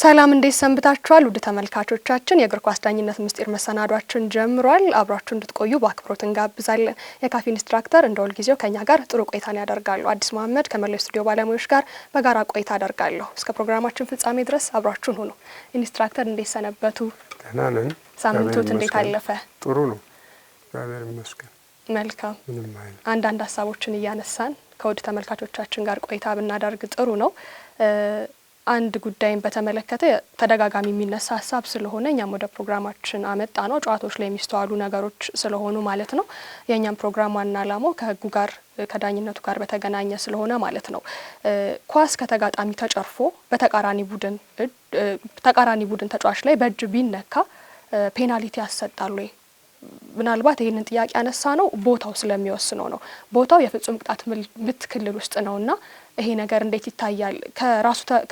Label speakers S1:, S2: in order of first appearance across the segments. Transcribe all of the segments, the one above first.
S1: ሰላም እንዴት ሰንብታችኋል? ውድ ተመልካቾቻችን የእግር ኳስ ዳኝነት ምስጢር መሰናዷችን ጀምሯል። አብሯችሁ እንድትቆዩ በአክብሮት እንጋብዛለን። የካፊ ኢንስትራክተር እንደ ሁልጊዜው ከኛ ጋር ጥሩ ቆይታን ያደርጋሉ። አዲስ መሀመድ ከመላው ስቱዲዮ ባለሙያዎች ጋር በጋራ ቆይታ አደርጋለሁ። እስከ ፕሮግራማችን ፍጻሜ ድረስ አብሯችሁን ሁኑ። ኢንስትራክተር እንዴት ሰነበቱ? ደህና ነኝ። እንዴት አለፈ?
S2: ጥሩ ነው፣ እግዚአብሔር ይመስገን።
S1: መልካም። አንዳንድ ሀሳቦችን እያነሳን ከውድ ተመልካቾቻችን ጋር ቆይታ ብናደርግ ጥሩ ነው። አንድ ጉዳይን በተመለከተ ተደጋጋሚ የሚነሳ ሀሳብ ስለሆነ እኛም ወደ ፕሮግራማችን አመጣ ነው ጨዋታዎች ላይ የሚስተዋሉ ነገሮች ስለሆኑ ማለት ነው። የእኛም ፕሮግራም ዋና አላማው ከህጉ ጋር ከዳኝነቱ ጋር በተገናኘ ስለሆነ ማለት ነው። ኳስ ከተጋጣሚ ተጨርፎ በተቃራኒ ቡድን ተቃራኒ ቡድን ተጫዋች ላይ በእጅ ቢነካ ፔናልቲ ያሰጣሉ ወይ? ምናልባት ይህንን ጥያቄ ያነሳ ነው ቦታው ስለሚወስነው ነው። ቦታው የፍጹም ቅጣት ምት ክልል ውስጥ ነው እና ይሄ ነገር እንዴት ይታያል?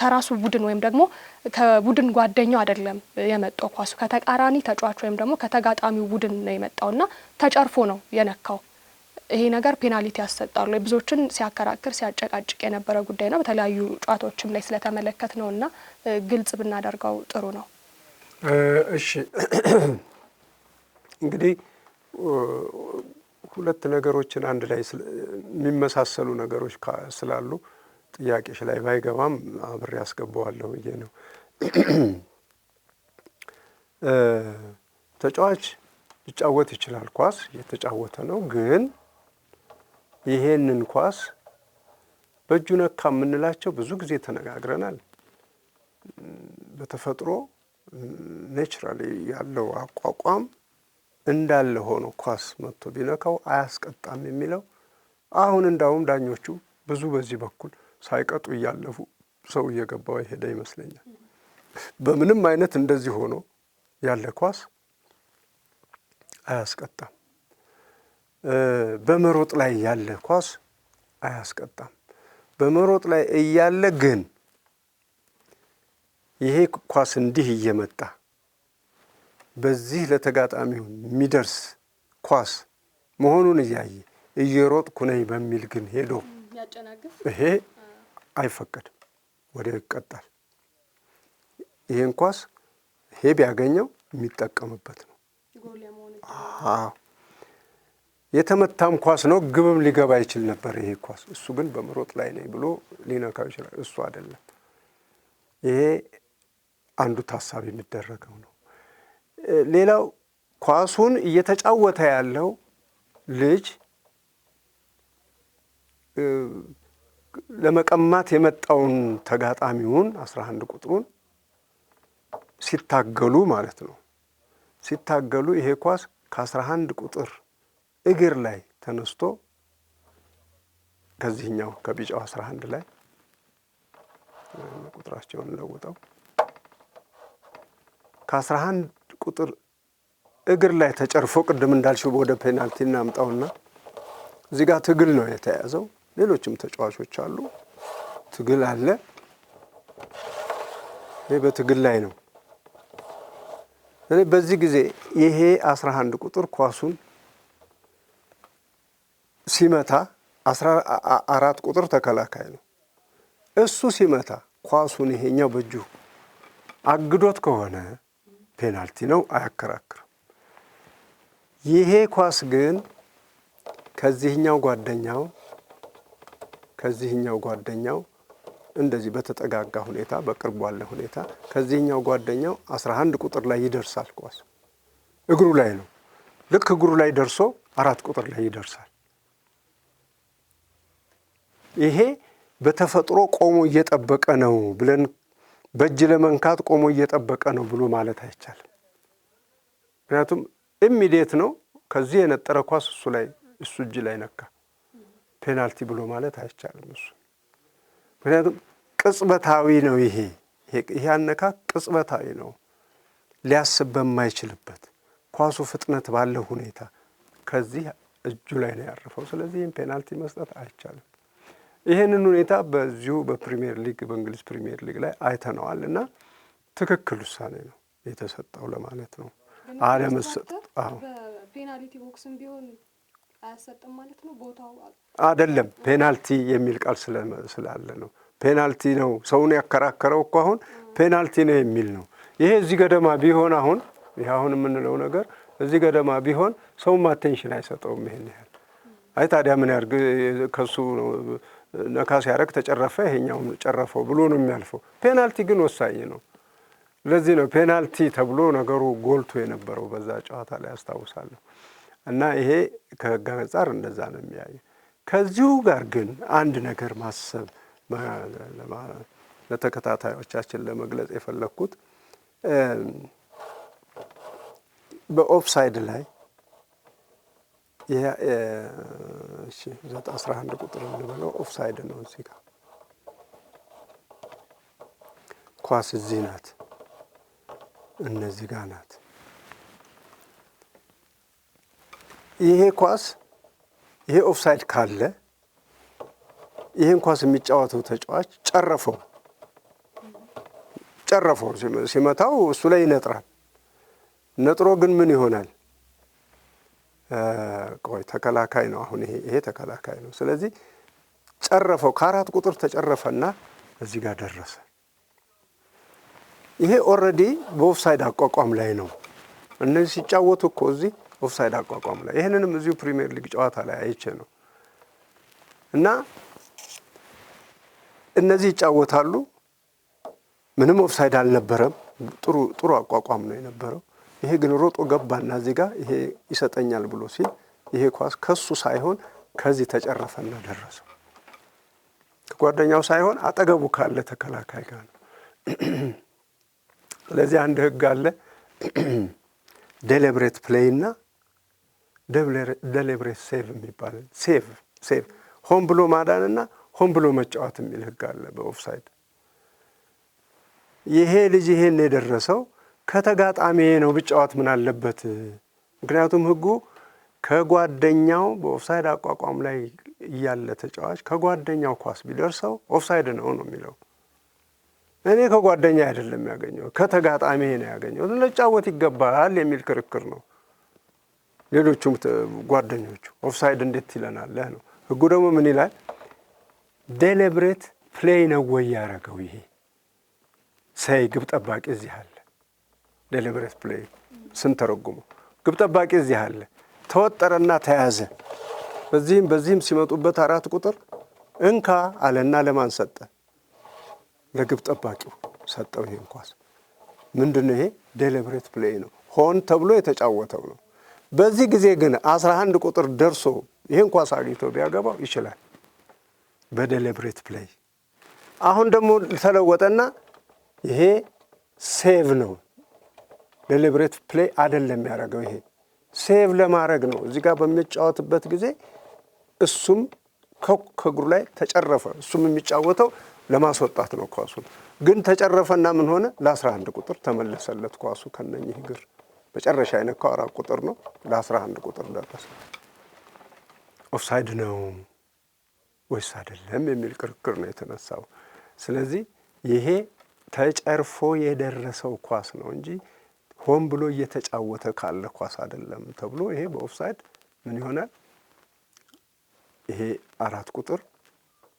S1: ከራሱ ቡድን ወይም ደግሞ ከቡድን ጓደኛው አይደለም የመጣው ኳሱ ከተቃራኒ ተጫዋች ወይም ደግሞ ከተጋጣሚው ቡድን ነው የመጣው እና ተጨርፎ ነው የነካው። ይሄ ነገር ፔናልቲ ያሰጣሉ። ብዙዎችን ሲያከራክር ሲያጨቃጭቅ የነበረ ጉዳይ ነው። በተለያዩ ጨዋታዎችም ላይ ስለተመለከት ነው እና ግልጽ ብናደርገው ጥሩ ነው።
S2: እሺ እንግዲህ ሁለት ነገሮችን አንድ ላይ የሚመሳሰሉ ነገሮች ስላሉ ጥያቄሽ ላይ ባይገባም አብሬ ያስገባዋለሁ ብዬ ነው። ተጫዋች ሊጫወት ይችላል። ኳስ እየተጫወተ ነው፣ ግን ይሄንን ኳስ በእጁ ነካ የምንላቸው ብዙ ጊዜ ተነጋግረናል። በተፈጥሮ ኔችራል ያለው አቋቋም እንዳለ ሆኖ ኳስ መጥቶ ቢነካው አያስቀጣም የሚለው አሁን እንዳውም ዳኞቹ ብዙ በዚህ በኩል ሳይቀጡ እያለፉ ሰው እየገባው የሄደ ይመስለኛል። በምንም አይነት እንደዚህ ሆኖ ያለ ኳስ አያስቀጣም። በመሮጥ ላይ ያለ ኳስ አያስቀጣም። በመሮጥ ላይ እያለ ግን ይሄ ኳስ እንዲህ እየመጣ በዚህ ለተጋጣሚው የሚደርስ ኳስ መሆኑን እያየ እየሮጥኩ ነኝ በሚል ግን ሄዶ ይሄ አይፈቀድም፣ ወደ ይቀጣል። ይሄን ኳስ ይሄ ቢያገኘው የሚጠቀምበት ነው። የተመታም ኳስ ነው፣ ግብም ሊገባ ይችል ነበር። ይሄ ኳስ እሱ ግን በመሮጥ ላይ ነኝ ብሎ ሊነካው ይችላል። እሱ አይደለም። ይሄ አንዱ ታሳቢ የሚደረገው ነው። ሌላው ኳሱን እየተጫወተ ያለው ልጅ ለመቀማት የመጣውን ተጋጣሚውን አስራ አንድ ቁጥሩን ሲታገሉ ማለት ነው። ሲታገሉ ይሄ ኳስ ከአስራ አንድ ቁጥር እግር ላይ ተነስቶ ከዚህኛው ከቢጫው አስራ አንድ ላይ ቁጥራቸውን ለውጠው ከአስራ አንድ ቁጥር እግር ላይ ተጨርፎ ቅድም እንዳልሽው ወደ ፔናልቲ እናምጣውና እዚህ ጋር ትግል ነው የተያዘው። ሌሎችም ተጫዋቾች አሉ፣ ትግል አለ። ይህ በትግል ላይ ነው። በዚህ ጊዜ ይሄ አስራ አንድ ቁጥር ኳሱን ሲመታ አስራ አራት ቁጥር ተከላካይ ነው። እሱ ሲመታ ኳሱን ይሄኛው በእጁ አግዶት ከሆነ ፔናልቲ ነው፣ አያከራክርም። ይሄ ኳስ ግን ከዚህኛው ጓደኛው ከዚህኛው ጓደኛው እንደዚህ በተጠጋጋ ሁኔታ በቅርብ ባለ ሁኔታ ከዚህኛው ጓደኛው 11 ቁጥር ላይ ይደርሳል። ኳስ እግሩ ላይ ነው። ልክ እግሩ ላይ ደርሶ አራት ቁጥር ላይ ይደርሳል። ይሄ በተፈጥሮ ቆሞ እየጠበቀ ነው ብለን በእጅ ለመንካት ቆሞ እየጠበቀ ነው ብሎ ማለት አይቻልም። ምክንያቱም ኢሚዲየት ነው። ከዚህ የነጠረ ኳስ እሱ ላይ እሱ እጅ ላይ ነካ ፔናልቲ ብሎ ማለት አይቻልም። እሱ ምክንያቱም ቅጽበታዊ ነው። ይሄ ይሄ አነካ ቅጽበታዊ ነው። ሊያስብ በማይችልበት ኳሱ ፍጥነት ባለው ሁኔታ ከዚህ እጁ ላይ ነው ያረፈው። ስለዚህ ይህም ፔናልቲ መስጠት አይቻልም። ይህንን ሁኔታ በዚሁ በፕሪሚየር ሊግ በእንግሊዝ ፕሪሚየር ሊግ ላይ አይተነዋል እና ትክክል ውሳኔ ነው የተሰጠው ለማለት ነው። አለመሰጥ
S1: ፔናልቲ ቦክስም ቢሆን አያሰጥም ማለት ነው። ቦታው
S2: አይደለም ፔናልቲ የሚል ቃል ስላለ ነው። ፔናልቲ ነው ሰውን ያከራከረው እኮ አሁን ፔናልቲ ነው የሚል ነው። ይሄ እዚህ ገደማ ቢሆን አሁን ይህ አሁን የምንለው ነገር እዚህ ገደማ ቢሆን ሰውም አቴንሽን አይሰጠውም። ይሄን ያህል አይ ታዲያ ምን ያርግ ከሱ ነካ ሲያደርግ ተጨረፈ፣ ይሄኛውም ጨረፈው ብሎ ነው የሚያልፈው። ፔናልቲ ግን ወሳኝ ነው። ለዚህ ነው ፔናልቲ ተብሎ ነገሩ ጎልቶ የነበረው በዛ ጨዋታ ላይ አስታውሳለሁ። እና ይሄ ከህግ አንጻር እንደዛ ነው የሚያየ። ከዚሁ ጋር ግን አንድ ነገር ማሰብ ለተከታታዮቻችን ለመግለጽ የፈለግኩት በኦፍሳይድ ላይ ይሄ ቁጥር እንበለው ኦፍሳይድ ነው። እዚህ ጋር ኳስ እዚህ ናት፣ እነዚህ ጋር ናት። ይሄ ኳስ ይሄ ኦፍሳይድ ካለ ይህን ኳስ የሚጫወተው ተጫዋች ጨረፈው ጨረፈው ሲመታው እሱ ላይ ይነጥራል። ነጥሮ ግን ምን ይሆናል? ቆይ ተከላካይ ነው አሁን ይሄ ይሄ ተከላካይ ነው። ስለዚህ ጨረፈው ከአራት ቁጥር ተጨረፈና እዚህ ጋር ደረሰ። ይሄ ኦልሬዲ በኦፍሳይድ አቋቋም ላይ ነው። እነዚህ ሲጫወቱ እኮ እዚህ ኦፍሳይድ አቋቋም ላይ ይህንንም እዚሁ ፕሪሚየር ሊግ ጨዋታ ላይ አይቼ ነው እና እነዚህ ይጫወታሉ። ምንም ኦፍሳይድ አልነበረም። ጥሩ ጥሩ አቋቋም ነው የነበረው። ይሄ ግን ሮጦ ገባና እዚህ ጋር ይሄ ይሰጠኛል ብሎ ሲል ይሄ ኳስ ከሱ ሳይሆን ከዚህ ተጨረፈና ደረሰው። ከጓደኛው ሳይሆን አጠገቡ ካለ ተከላካይ ጋር ነው። ስለዚህ አንድ ህግ አለ፣ ዴሌብሬት ፕሌይ እና ዴሌብሬት ሴቭ የሚባል ሴቭ ሴቭ ሆን ብሎ ማዳንና ሆን ብሎ መጫወት የሚል ህግ አለ በኦፍሳይድ ይሄ ልጅ ይሄን የደረሰው ከተጋጣሚ ነው ብጫወት ምን አለበት? ምክንያቱም ህጉ ከጓደኛው በኦፍሳይድ አቋቋም ላይ እያለ ተጫዋች ከጓደኛው ኳስ ቢደርሰው ኦፍሳይድ ነው ነው የሚለው። እኔ ከጓደኛ አይደለም ያገኘው ከተጋጣሚ ነው ያገኘው ልጫወት ይገባል የሚል ክርክር ነው። ሌሎቹም ጓደኞቹ ኦፍሳይድ እንዴት ይለናለህ ነው። ህጉ ደግሞ ምን ይላል? ዴሌብሬት ፕሌይ ነው ወይ ያደረገው? ይሄ ሰይ ግብ ጠባቂ እዚህ አለ ደሊብረት ፕሌይ ስንተረጉሙ ግብ ጠባቂ እዚህ አለ ተወጠረና ተያዘ። በዚህም በዚህም ሲመጡበት አራት ቁጥር እንካ አለና ለማን ሰጠ? ለግብ ጠባቂው ሰጠው። ይሄን ኳስ ምንድን ይሄ? ዴሊበሬት ፕሌይ ነው፣ ሆን ተብሎ የተጫወተው ነው። በዚህ ጊዜ ግን አስራ አንድ ቁጥር ደርሶ ይህን ኳስ አግኝቶ ቢያገባው ይችላል በዴሊበሬት ፕሌይ። አሁን ደግሞ ተለወጠና ይሄ ሴቭ ነው ደሊብሬት ፕሌይ አይደለም የሚያደርገው። ይሄ ሴቭ ለማድረግ ነው። እዚህ ጋር በሚጫወትበት ጊዜ እሱም ከእግሩ ላይ ተጨረፈ። እሱም የሚጫወተው ለማስወጣት ነው። ኳሱን ግን ተጨረፈና ምን ሆነ? ለ11 ቁጥር ተመለሰለት ኳሱ ከነኚህ እግር መጨረሻ የነካው አራት ቁጥር ነው። ለ11 ቁጥር ደረሰ። ኦፍሳይድ ነው ወይስ አይደለም የሚል ክርክር ነው የተነሳው። ስለዚህ ይሄ ተጨርፎ የደረሰው ኳስ ነው እንጂ ሆን ብሎ እየተጫወተ ካለ ኳስ አይደለም ተብሎ ይሄ በኦፍሳይድ ምን ይሆናል? ይሄ አራት ቁጥር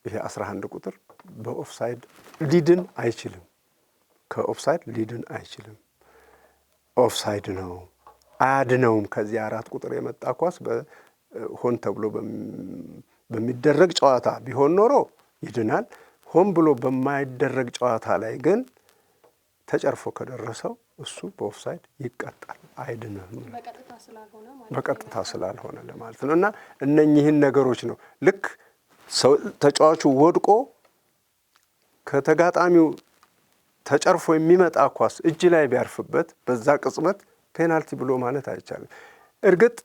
S2: ይሄ አስራ አንድ ቁጥር በኦፍሳይድ ሊድን አይችልም። ከኦፍሳይድ ሊድን አይችልም። ኦፍሳይድ ነው አያድነውም። ከዚህ አራት ቁጥር የመጣ ኳስ ሆን ተብሎ በሚደረግ ጨዋታ ቢሆን ኖሮ ይድናል። ሆን ብሎ በማይደረግ ጨዋታ ላይ ግን ተጨርፎ ከደረሰው እሱ በኦፍሳይድ ይቀጣል፣ አይድንም በቀጥታ ስላልሆነ ለማለት ነው። እና እነኚህን ነገሮች ነው ልክ ሰው ተጫዋቹ ወድቆ ከተጋጣሚው ተጨርፎ የሚመጣ ኳስ እጅ ላይ ቢያርፍበት በዛ ቅጽበት ፔናልቲ ብሎ ማለት አይቻልም። እርግጥ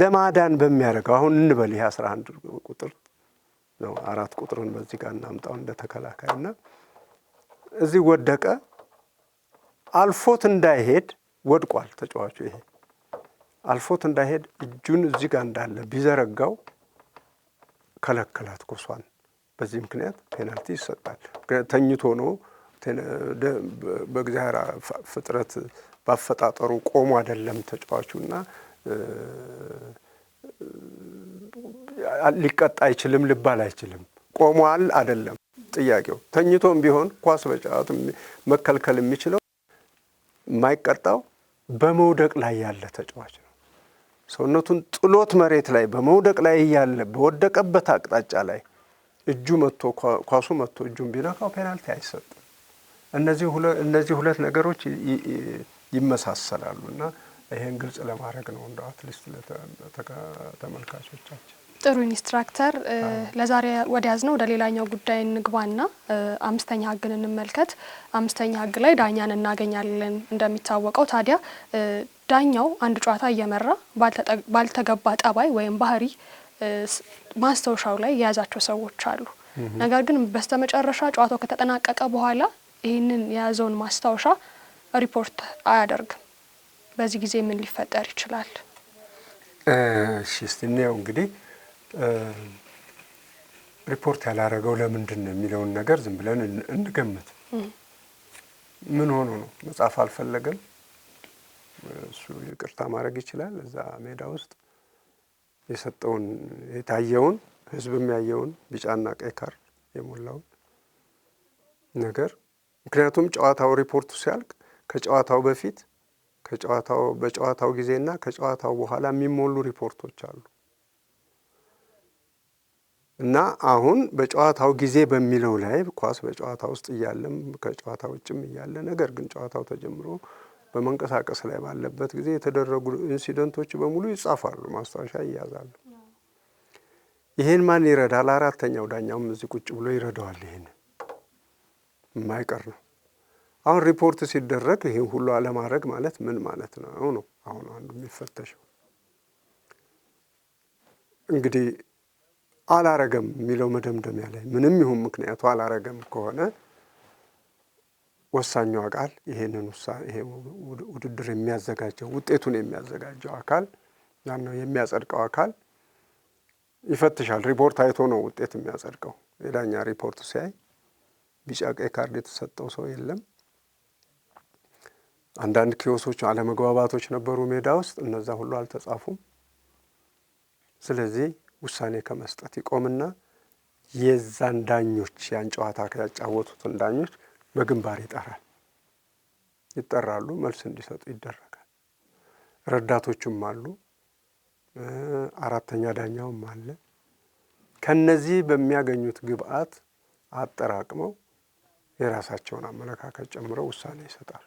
S2: ለማዳን በሚያደርገው አሁን እንበል ይህ 11 ቁጥር ነው። አራት ቁጥርን በዚህ ጋር እናምጣው እንደ ተከላካይና እዚህ ወደቀ አልፎት እንዳይሄድ ወድቋል ተጫዋቹ። ይሄ አልፎት እንዳይሄድ እጁን እዚህ ጋር እንዳለ ቢዘረጋው ከለከላት ኮሷን። በዚህ ምክንያት ፔናልቲ ይሰጣል። ተኝቶ ነው በእግዚአብሔር ፍጥረት ባፈጣጠሩ ቆሞ አይደለም ተጫዋቹ እና ሊቀጣ አይችልም ልባል አይችልም። ቆሟል አይደለም ጥያቄው። ተኝቶም ቢሆን ኳስ በጫዋት መከልከል የሚችለው የማይቀጣው በመውደቅ ላይ ያለ ተጫዋች ነው። ሰውነቱን ጥሎት መሬት ላይ በመውደቅ ላይ እያለ በወደቀበት አቅጣጫ ላይ እጁ መጥቶ ኳሱ መጥቶ እጁን ቢነካው ፔናልቲ አይሰጥም። እነዚህ ሁለት ነገሮች ይመሳሰላሉ እና ይህን ግልጽ ለማድረግ ነው እንደ አትሊስት ለተመልካቾቻችን
S1: ጥሩ ኢንስትራክተር፣ ለዛሬ ወዲያዝ ነው ወደ ሌላኛው ጉዳይ እንግባና አምስተኛ ህግን እንመልከት። አምስተኛ ህግ ላይ ዳኛን እናገኛለን። እንደሚታወቀው ታዲያ ዳኛው አንድ ጨዋታ እየመራ ባልተገባ ጠባይ ወይም ባህሪ ማስታወሻው ላይ የያዛቸው ሰዎች አሉ። ነገር ግን በስተመጨረሻ ጨዋታው ከተጠናቀቀ በኋላ ይህንን የያዘውን ማስታወሻ ሪፖርት አያደርግም። በዚህ ጊዜ ምን ሊፈጠር ይችላል?
S2: እሺ፣ እንግዲህ ሪፖርት ያላረገው ለምንድን ነው የሚለውን ነገር ዝም ብለን እንገምት። ምን ሆኖ ነው መጽሐፍ አልፈለገም? እሱ ይቅርታ ማድረግ ይችላል። እዛ ሜዳ ውስጥ የሰጠውን የታየውን ህዝብ የሚያየውን ቢጫና ቀይ ካርድ የሞላውን ነገር ምክንያቱም ጨዋታው ሪፖርቱ ሲያልቅ ከጨዋታው በፊት ከጨዋታው በጨዋታው ጊዜና ከጨዋታው በኋላ የሚሞሉ ሪፖርቶች አሉ። እና አሁን በጨዋታው ጊዜ በሚለው ላይ ኳስ በጨዋታ ውስጥ እያለም ከጨዋታ ውጭም እያለ ነገር ግን ጨዋታው ተጀምሮ በመንቀሳቀስ ላይ ባለበት ጊዜ የተደረጉ ኢንሲደንቶች በሙሉ ይጻፋሉ፣ ማስታወሻ ይያዛሉ። ይሄን ማን ይረዳል? አራተኛው ዳኛውም እዚህ ቁጭ ብሎ ይረዳዋል። ይሄን የማይቀር ነው። አሁን ሪፖርት ሲደረግ ይህን ሁሉ አለማድረግ ማለት ምን ማለት ነው ነው አሁን አንዱ የሚፈተሸው እንግዲህ አላረገም የሚለው መደምደሚያ ላይ ምንም ይሁን ምክንያቱ አላረገም ከሆነ ወሳኙ ቃል ይሄንን ይሄ ውድድር የሚያዘጋጀው ውጤቱን የሚያዘጋጀው አካል ነው የሚያጸድቀው አካል ይፈትሻል። ሪፖርት አይቶ ነው ውጤት የሚያጸድቀው። የዳኛ ሪፖርት ሲያይ ቢጫ ቀይ ካርድ የተሰጠው ሰው የለም። አንዳንድ ኪዮሶች አለመግባባቶች ነበሩ ሜዳ ውስጥ፣ እነዛ ሁሉ አልተጻፉም። ስለዚህ ውሳኔ ከመስጠት ይቆምና የዛን ዳኞች ያን ጨዋታ ያጫወቱትን ዳኞች በግንባር ይጠራል። ይጠራሉ፣ መልስ እንዲሰጡ ይደረጋል። ረዳቶቹም አሉ፣ አራተኛ ዳኛውም አለ። ከነዚህ በሚያገኙት ግብአት አጠራቅመው የራሳቸውን አመለካከት ጨምረው ውሳኔ ይሰጣሉ።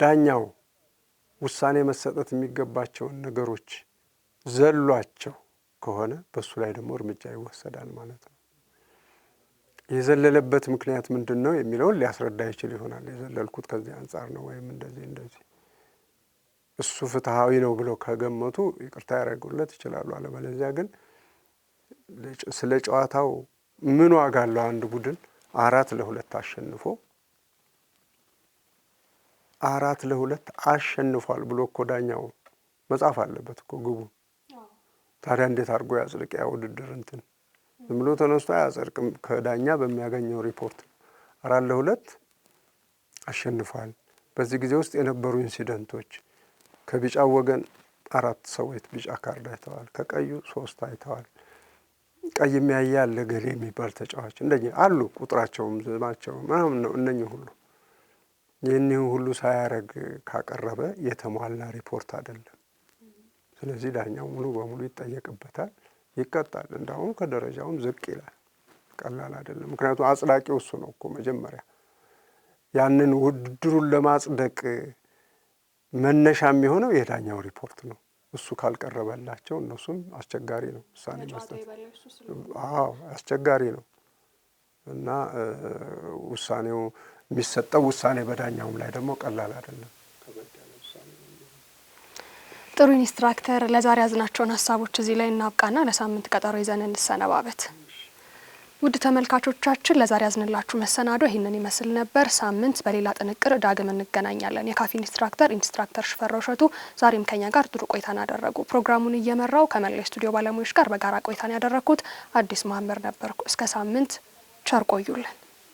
S2: ዳኛው ውሳኔ መሰጠት የሚገባቸውን ነገሮች ዘሏቸው ከሆነ በሱ ላይ ደግሞ እርምጃ ይወሰዳል ማለት ነው። የዘለለበት ምክንያት ምንድን ነው የሚለውን ሊያስረዳ ይችል ይሆናል። የዘለልኩት ከዚህ አንጻር ነው ወይም እንደዚህ እንደዚህ እሱ ፍትሐዊ ነው ብለው ከገመቱ ይቅርታ ያደረጉለት ይችላሉ። አለበለዚያ ግን ስለ ጨዋታው ምን ዋጋ አለው? አንድ ቡድን አራት ለሁለት አሸንፎ አራት ለሁለት አሸንፏል ብሎ እኮ ዳኛው መጻፍ አለበት እኮ ግቡ ታዲያ እንዴት አድርጎ ያጽድቅ? ያ ውድድር እንትን ዝም ብሎ ተነስቶ አያጸድቅም። ከዳኛ በሚያገኘው ሪፖርት አራት ለሁለት አሸንፏል። በዚህ ጊዜ ውስጥ የነበሩ ኢንሲደንቶች ከቢጫው ወገን አራት ሰዎች ቢጫ ካርድ አይተዋል። ከቀዩ ሶስት አይተዋል። ቀይ የሚያየ አለ ገሌ የሚባል ተጫዋች እንደ አሉ። ቁጥራቸውም ዝማቸው ምናምን ነው። እነኚህ ሁሉ ይህን ሁሉ ሳያረግ ካቀረበ የተሟላ ሪፖርት አይደለም። ስለዚህ ዳኛው ሙሉ በሙሉ ይጠየቅበታል፣ ይቀጣል። እንዳሁም ከደረጃውም ዝቅ ይላል። ቀላል አይደለም። ምክንያቱም አጽዳቂው እሱ ነው እኮ መጀመሪያ ያንን ውድድሩን ለማጽደቅ መነሻ የሚሆነው የዳኛው ሪፖርት ነው። እሱ ካልቀረበላቸው እነሱም አስቸጋሪ ነው
S1: ውሳኔ መስጠት።
S2: አዎ አስቸጋሪ ነው እና ውሳኔው የሚሰጠው ውሳኔ በዳኛውም ላይ ደግሞ ቀላል አይደለም።
S1: ጥሩ ኢንስትራክተር፣ ለዛሬ ያዝናቸውን ሀሳቦች እዚህ ላይ እናብቃና ለሳምንት ቀጠሮ ይዘን እንሰነባበት። ውድ ተመልካቾቻችን ለዛሬ ያዝንላችሁ መሰናዶ ይህንን ይመስል ነበር። ሳምንት በሌላ ጥንቅር ዳግም እንገናኛለን። የካፊ ኢንስትራክተር ኢንስትራክተር ሽፈራው እሸቱ ዛሬም ከኛ ጋር ጥሩ ቆይታን አደረጉ። ፕሮግራሙን እየመራው ከመላ ስቱዲዮ ባለሙያዎች ጋር በጋራ ቆይታን ያደረግኩት አዲስ ማህመር ነበርኩ። እስከ ሳምንት ቸር ቆዩልን።